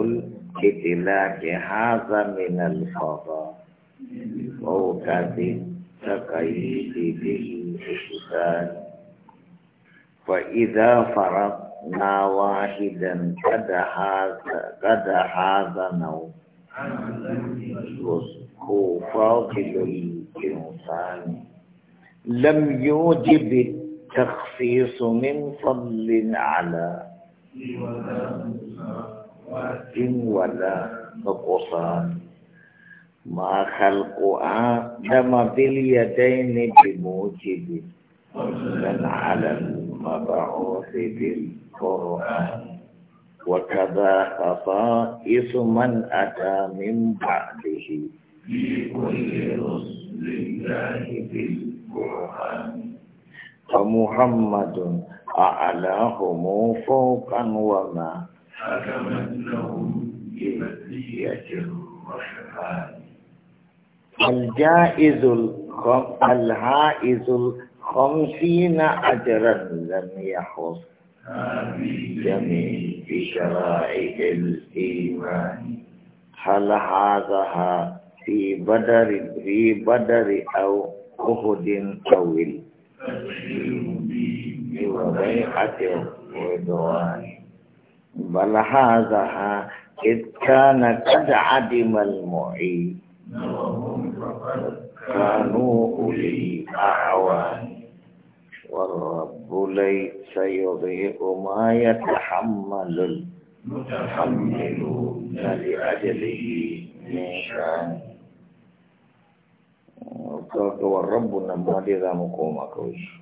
الإطلاق هذا من الفضاء فوق التقييد بالإحسان فإذا فرضنا واحدا قد هذا قد هذا نو هو فاضل الإنسان لم يوجب التخصيص من فضل على ولا نقصان ما خلق آدم باليدين بموجب من على المبعوث بالقرآن وكذا خصائص من أتى من بعده في كل رسل الله بالقرآن فمحمد أعلاهم فوقا وما الجائز الهائز الخمسين أجرا لم يحص في جميع شرائع الإيمان هل هذا في بدر في بدر أو أحد طويل وبيعة رضوان بل هذا إذ كان قد عدم المعين كانوا أولي أعوان والرب ليس يضيء ما يتحمل المتحملون لأجله من شان والرب نمو لذا مقومك كويس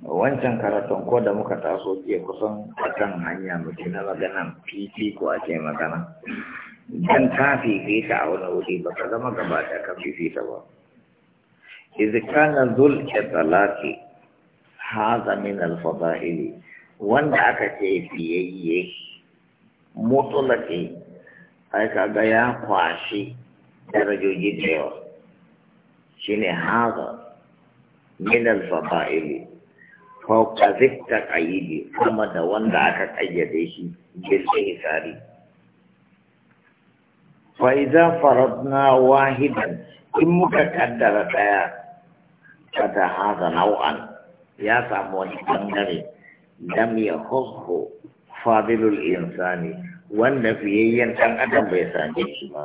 wancan karatun ko da muka taso ke kusan akan hanya muke na maganan fifi ko ce magana dan fi ta a wani wuri ba ka zama gaba da ka ta ba izikana zul italaki haza min ili. wanda aka ce fiyayye ce, ai ga ya kwashi darajoji da yawa shine haza min ili. فوق ذي التقييد كما دون ذاك قيده شيء بالإنسان فإذا فرضنا واحدا إن متقدر تايا فتا هذا نوعا يا ساموني بنغري لم يخصه فاضل الإنسان والنفيين كان أدم بيسان جسما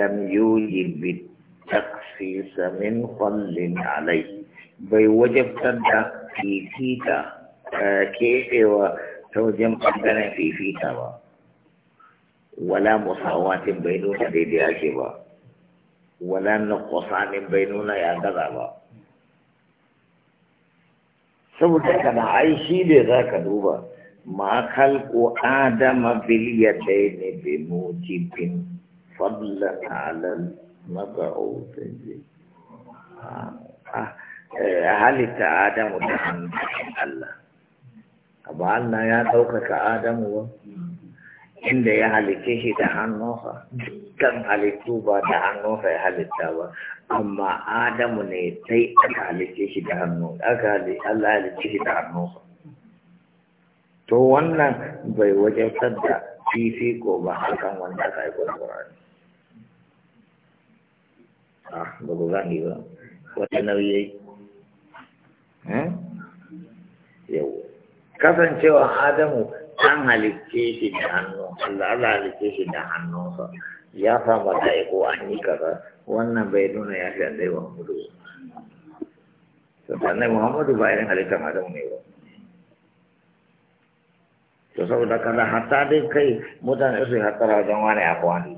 لم يوجب بالتخصيص من خل عليه بي fifita keɓewa ta wajen ɓangaren fifita ba wala musawatin bai nuna daidai ake ba wala na kusanin bai nuna ya gaza ba saboda kana ai shi ne za ka duba ma kalko adama bil ne bi mujibin fadlan ala al ah, ah. Eh, halitta Adamu da hannun Allah. Amma Allah ya ɗaukaka Adamu ba, inda ya halitta shi da hannunsa, dukkan halittu ba da hannunsa ya halitta ba, amma Adamu ne sai aka halitta shi da hannun, aka Allah halitta shi da hannunsa. To wannan bai wajen wajabtar da ko ba hakan wanda aka yi kwanwarari. Ah, ba ku gani ba, wata nauyi Eh? yau kasancewa adamu an halicce shi da hannu Allah Allah halicce shi da hannunsa ya fa ko an yi kaza wannan bai nuna ya fi annai Muhammadu sannan ne Muhammadu ba irin halittar adamu ne ba to saboda kada hatta dai kai mutane su ra wajen wani abu wani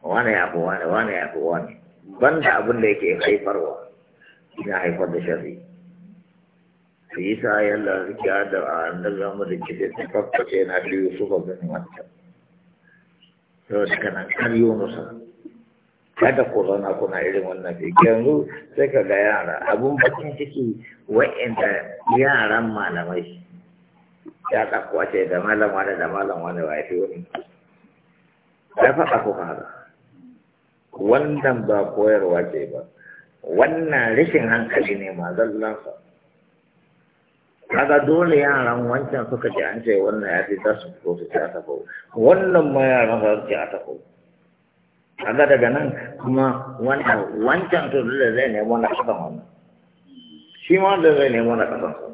wani abu wani wani abu wani banda abin da yake haifarwa ina haifar da shari'a shi yasa yalla ya da annabi Muhammad ke da tafaffe na shi Yusuf bin Matta to daga nan kar Yunus kada ku zauna kuna irin wannan fi yanzu sai ka ga yara abun bakin ciki wa'inda yaran malamai ya ɗakuwa ce da malam wani da malam wani wa fi ya faɗa ku fara wannan ba koyarwa ce ba wannan rashin hankali ne ma zallansa kaga dole yaran wancan suka ce an ce wannan ya fi za su fito su ce a tafau wannan ma yaran za su ce a tafau kaga daga nan kuma wannan wancan to dole zai nemo na kasan wannan shi ma da zai nemo na kasan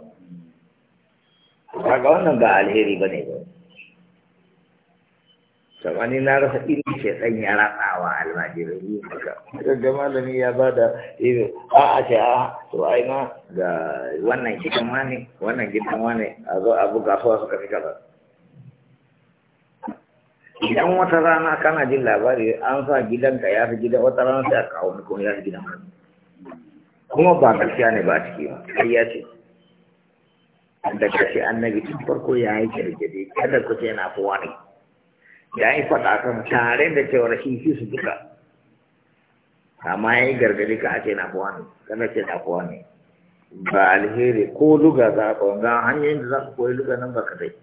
kaga wannan ba alheri ba ne ba sabani na rasa inda ke dan ya ratsawa almajirai yi maka daga malami ya ba da a a ce a to ai na ga wannan gidan wani wannan gidan wani a zo abu ga su suka fi kaza idan wata rana kana jin labari an sa gidan ka ya fi gidan wata rana sai a kawo ni kuma ya fi gidan wani kuma ba gaskiya ne ba ciki ba sai ya ce daga shi annabi tun farko ya yi kirgide kada ku ce na fi wani yayin yi faɗa kan tare da cewar shi su duka amma ya yi gargadi ka ake na kuwa ne kana ce na kuwa ne ba alheri ko luga za ka ga hanyoyin da za ka koyi luga nan ba ka dai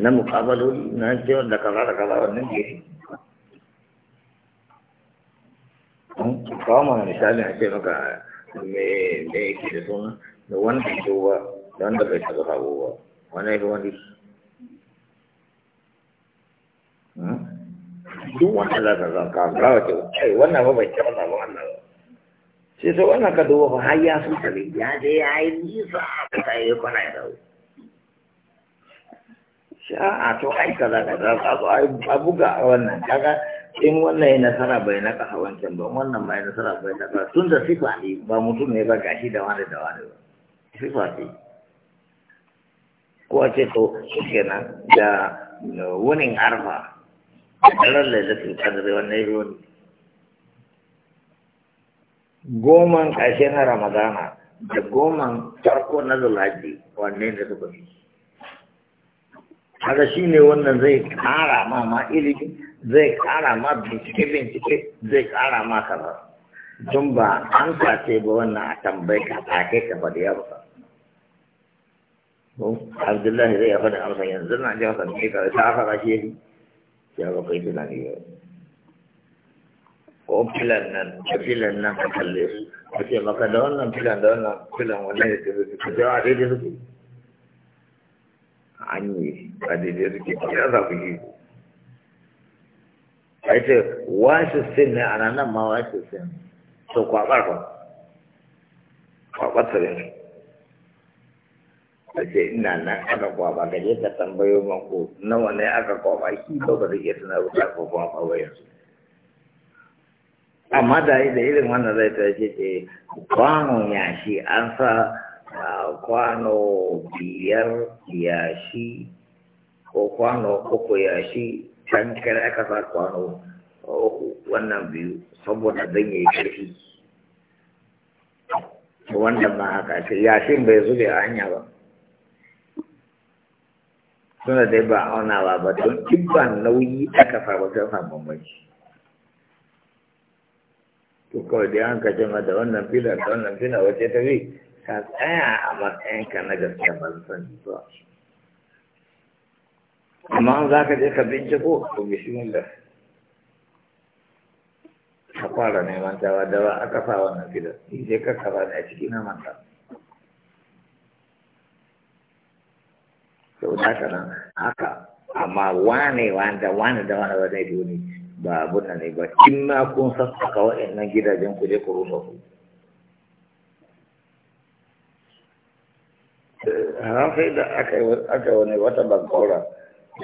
na mukabaloli na cewa da kaza da kaza wannan gefe kawo mana misali a ce maka me yake da suna da wani fito ba da wanda bai taɓa sabo ba wani ya fi wani duk wannan za zan ka gawa ke kai wannan ba bai ce ba wannan ba sai sai wannan ka duba ba har ya sun tabi ya je ya yi nisa ka ta yi kwana ya dawo a to ai ka za ka za ka zo a buga a wannan kaga in wannan ya nasara bai na kasa wancan ba wannan bai nasara bai na kasa tun da sifa ne ba mutum ne ba gashi da wani da wani ba sifa ne ko a ce to shi kenan da wunin arfa daren lailatul qadr wannan yau goman ƙashe na ramadana da goman farko na zulaji wannan da suka fi haka shi ne wannan zai ƙara ma ma ilimi zai ƙara ma bincike-bincike zai ƙara ma kaza don ba an sace ba wannan a tambayi ka take ka ba da ya ba Abdullahi zai ya faɗin amsa yanzu na jihar sanke ne ka ta fara shi yake ya ba kai tunani ba ko filan nan ko filan nan ko kalle su ka ce maka da wannan filan da wannan filan wannan ya ce ka ce a daidai suke an yi a ka ya yi a wa wasu sin ne a nan ma wasu sin so kwa ba kwabar sa da ce ina nan aka kwaba ka je ka tambayo mako nawa ne aka kwaba shi ba ba zai iya kwaba yanzu amma da da wannan zai ta ce eh, yashi an sa kwano biyar yashi ko kwano uku yashi can kare aka sa kwano uku wannan biyu saboda don ya yi ƙarfi ma bai suna dai ba aunawa ba don kibban nauyi aka samu sai samun bambanci to kawai dai an kace ma da wannan fila da wannan fila wace ta bi ka tsaya a matsayinka na gaskiya ba su san zuwa amma an za ka je ka binciko to bismillah a fara neman tawa da aka sa wannan fila sai ka kaba da a cikin manta to da ka haka amma wane wanda wane da wane wane biyu ne ba abun nan ne ba in na kun sassaka wa'annan gidajen ku je ku rusa ku. har sai da aka yi wani wata bankora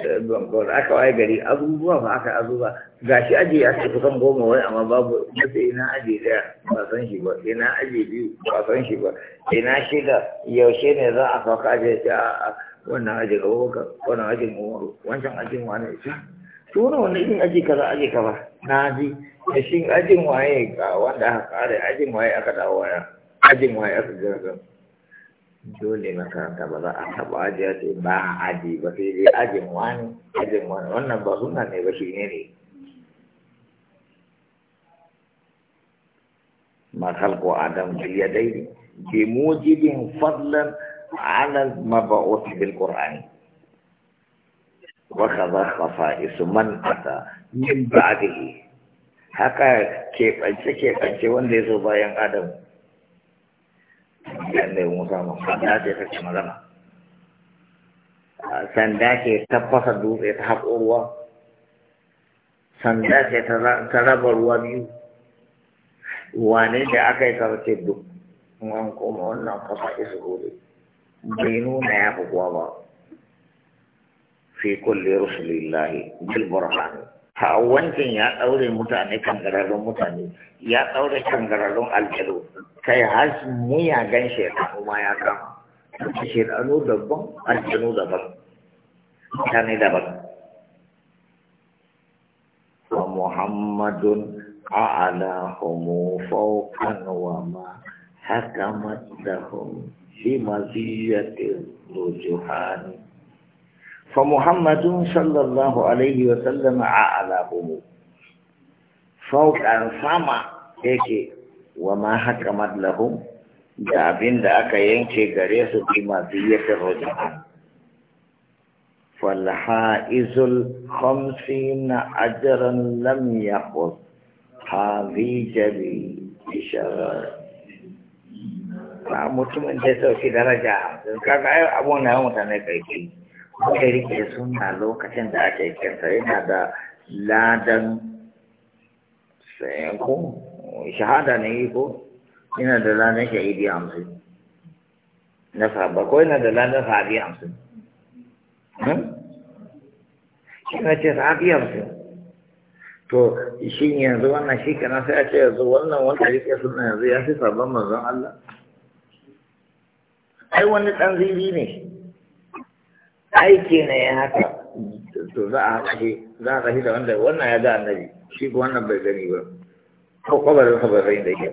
eh, bankora aka waye gari abubuwa ba aka abubuwa ga shi aji ya ce kusan goma wai amma babu mace ina aji daya ba san shi ba ina aje biyu ba san shi ba ina shida yaushe ne za a sauka aje ya wannan aji ga baka wannan ajin umaru wancan ajin wani shi tuna wani irin aji kaza aji kaza na ji da shi ajin waye ga wanda aka kare ajin waye aka dawo waya ajin waye aka gaga dole makaranta ba za a taba ajiya ce ba aji ba sai dai ajin wani ajin wani wannan ba suna ne ba shi ne ne ما خلق آدم باليدين بموجب فضلا على المبعوث بالقرآن man خصائص من أتى من بعده haka keɓance-keɓance wanda ya zo bayan adam yadda yi musa sanda ce ta ce sanda ce ta dutse ta haƙo ruwa sanda ce ta raba ruwa biyu wane da aka yi karfe duk an koma wannan fasa بينونة هو في كل رسل الله بالبرهان فأول كن يا أول متاني كان غرالون متاني يا أول كان غرالون الجلو كي هاز ميا غنشي كان وما يا كان تشير أنو دبن الجنو دبن كاني دبن ومحمد أعلاهم فوقا وما حكمتهم بمزية الرجحان فمحمد صلى الله عليه وسلم أعلاهم فوق أن سمع هيك وما حكمت لهم da abin da aka yanke gare su bi maziyyatar rujhan fal haizul khamsina ajran lam yaqut hadhi jabi isharat ba mutumin da ya sauki daraja kaga ai abun na mutane ke wanda rike suna lokacin da ake kinsa yana da ladan ko shahada ne ko yana da ladan shahidi hamsin na saba ko yana da ladan sahabi hamsin yana hmm? ce sahabi hamsin to shi yanzu wannan shi kana sai a ce yanzu wannan wanda rike suna yanzu ya fi sabon manzon Allah ai wani ɗan zibi ne aiki ne ya haka to za a haɗe za a kashe da wanda wannan ya ga annabi shi ko wannan bai gani ba ko kwabarin kwabarin bai da ke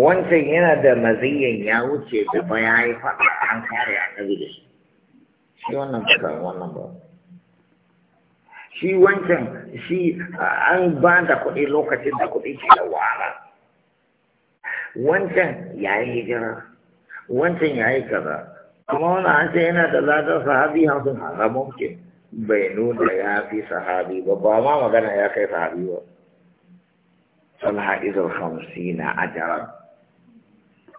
wancan yana da maziyan ya wuce da ba ya yi faɗa an kare annabi da shi shi wannan ba wannan ba shi wancan shi an ba da kuɗi lokacin da kuɗi ke da wahala wancan ya yi hijira wancan ya yi kaza amma wani an ce yana da ladar sahabi hamsin haza ke. bai nuna ya fi sahabi ba ba ma magana ya kai sahabi ba salha izar hamsi na ajaran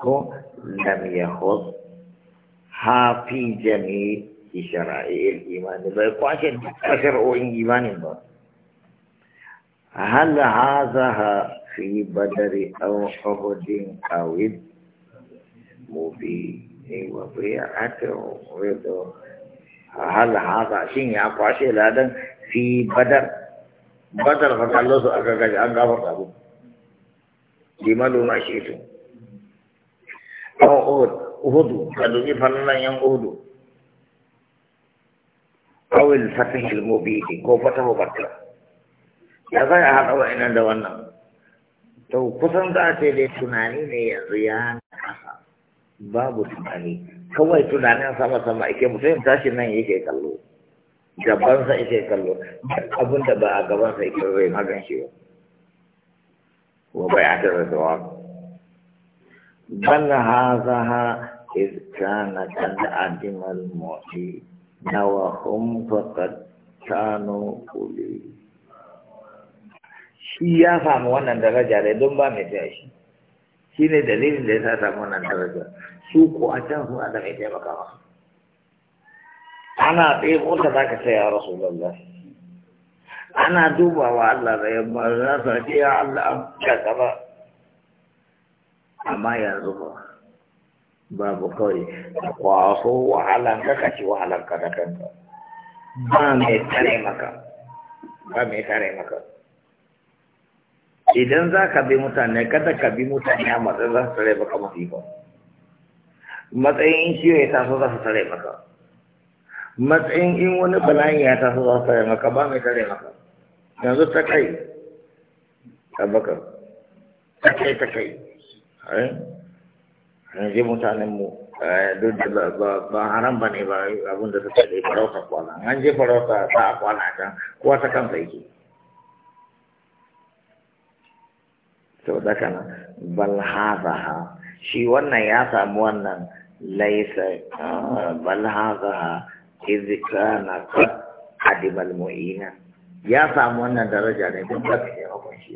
ko lam yahud hafi jami shara'il imani bai kwashe shar'o'in imanin ba hal hazaha fi badari aw uhudin awid mobi ewa bai a ake rido a uh, halahaka shi ya kwashe ladan fi badar badar ka kallo su aka gaji an gafar abu di maluma shi tu uhudu ka dubi fannan yan uhudu kawil fatin ilmobi ko fata hukatta ya zai a haɗa wa'inan da wannan to kusan za a ce dai tunani ne yanzu ya nasa babu tunani kawai tunanin sama sama ake mutum tashi nan yake kallo gabansa yake kallo abin da ba a gabansa yake bai magan shi ba wa bai a tara da wa balla haza ha iz kana kan adimal mu'i nawa hum faqad kanu quli shi ya samu wannan daraja ne don ba mai tashi shi ne dalilin da ya sa samu wannan daraja su ko a can suna da mai taimaka masu ana tsaye mota za ka ce ya rasu lalla ana dubawa Allah da yamma za su ce ya Allah an kaka ba amma yanzu ba babu kawai da kwaso wahalan ka ci wahalan ka da kanka ba mai tare maka ba mai tare maka idan za ka bi mutane kada ka bi mutane a matsayin za su tare baka ba matsayin ciwo ya taso za su tare maka matsayin in wani bala'in ya taso za su tare maka ba mai tare maka yanzu ta kai ta baka ta kai ta kai eh? yanzu mu eh, duk da ba haram ba ne ba abinda ta tare farauta kwana an je farauta ta kwana can kowa ta kansa yake saboda kana bal hazaha shi wannan ya samu wannan laisa bal hazaha iz kana qad adibal mu'ina ya samu wannan daraja ne don ba ta yawa shi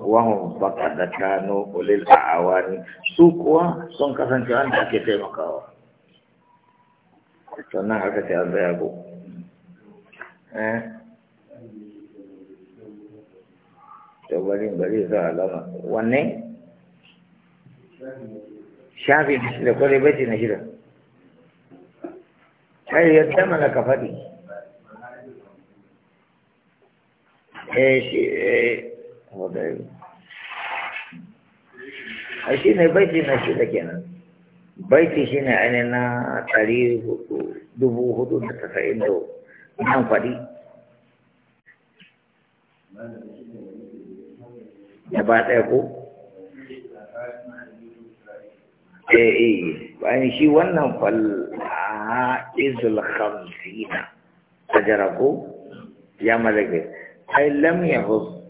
wahum faqad kanu ulil a'awani su kuwa sun kasance wanda ake taimakawa sannan aka ce an zaya ko eh to bari bari za alama wanne shafi na shida kwarai baiti na shida kai yadda mana ka faɗi eh, shi eh a shi ne baiti na shida kenan baiti shi ne ainihin na ɗari dubu hudu da tasa'in da nan faɗi gaba ɗaya ko eh eh bayan shi wannan fal izul khamsina ajara ko ya malaka ai lam yahus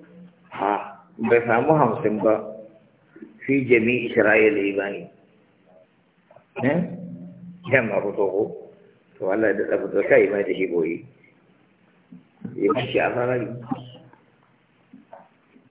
ha bai samu hamsin ba fi jami'i isra'il ibani eh yamma fito ko to Allah da fito kai mai da shi goyi ya shi a sarari.